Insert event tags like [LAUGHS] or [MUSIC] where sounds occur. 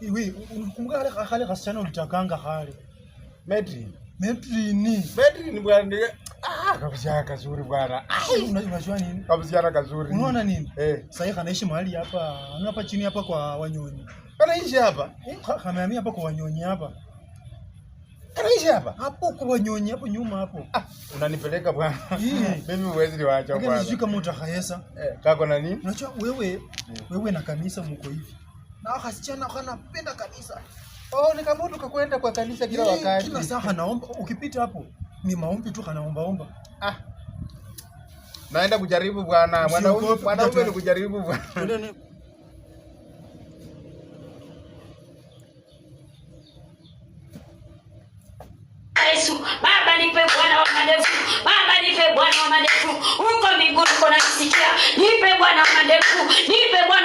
Iwi, unikumbuka hali hale kasichana ulitakanga hali. Medri. Medri ni. Medri ni bwana ndiye. Ah, kabisa kazuri bwana. Ah. Unajua nini? Kabisa kazuri. Unaona nini? Eh. Sasa kanaishi mahali hapa, ana hapa chini hapa kwa wanyonyi. Anaishi hapa. Eh, Kamehamia hapa kwa wanyonyi hapa. Anaishi hapa. Hapo kwa wanyonyi hapo nyuma hapo. Ah, unanipeleka bwana. [LAUGHS] Mimi huwezi niwaacha bwana. Sijui kama utahayesa. Eh, kako na nini? Unajua wewe, eh. wewe na kanisa mko hivi na wakasichana wasichana wanapenda kanisa. Oh, ni kama tukakwenda kwa kanisa kila wakati. Kila saa kanaomba ukipita hapo ni maombi tu kanaomba omba. Ah. Naenda kujaribu bwana. Mwanaume mwanaume ni kujaribu bwana. Baba nipe Bwana wa madevu, Baba nipe Bwana wa madevu, huko mbinguni nisikia, nipe Bwana wa madevu, nipe Bwana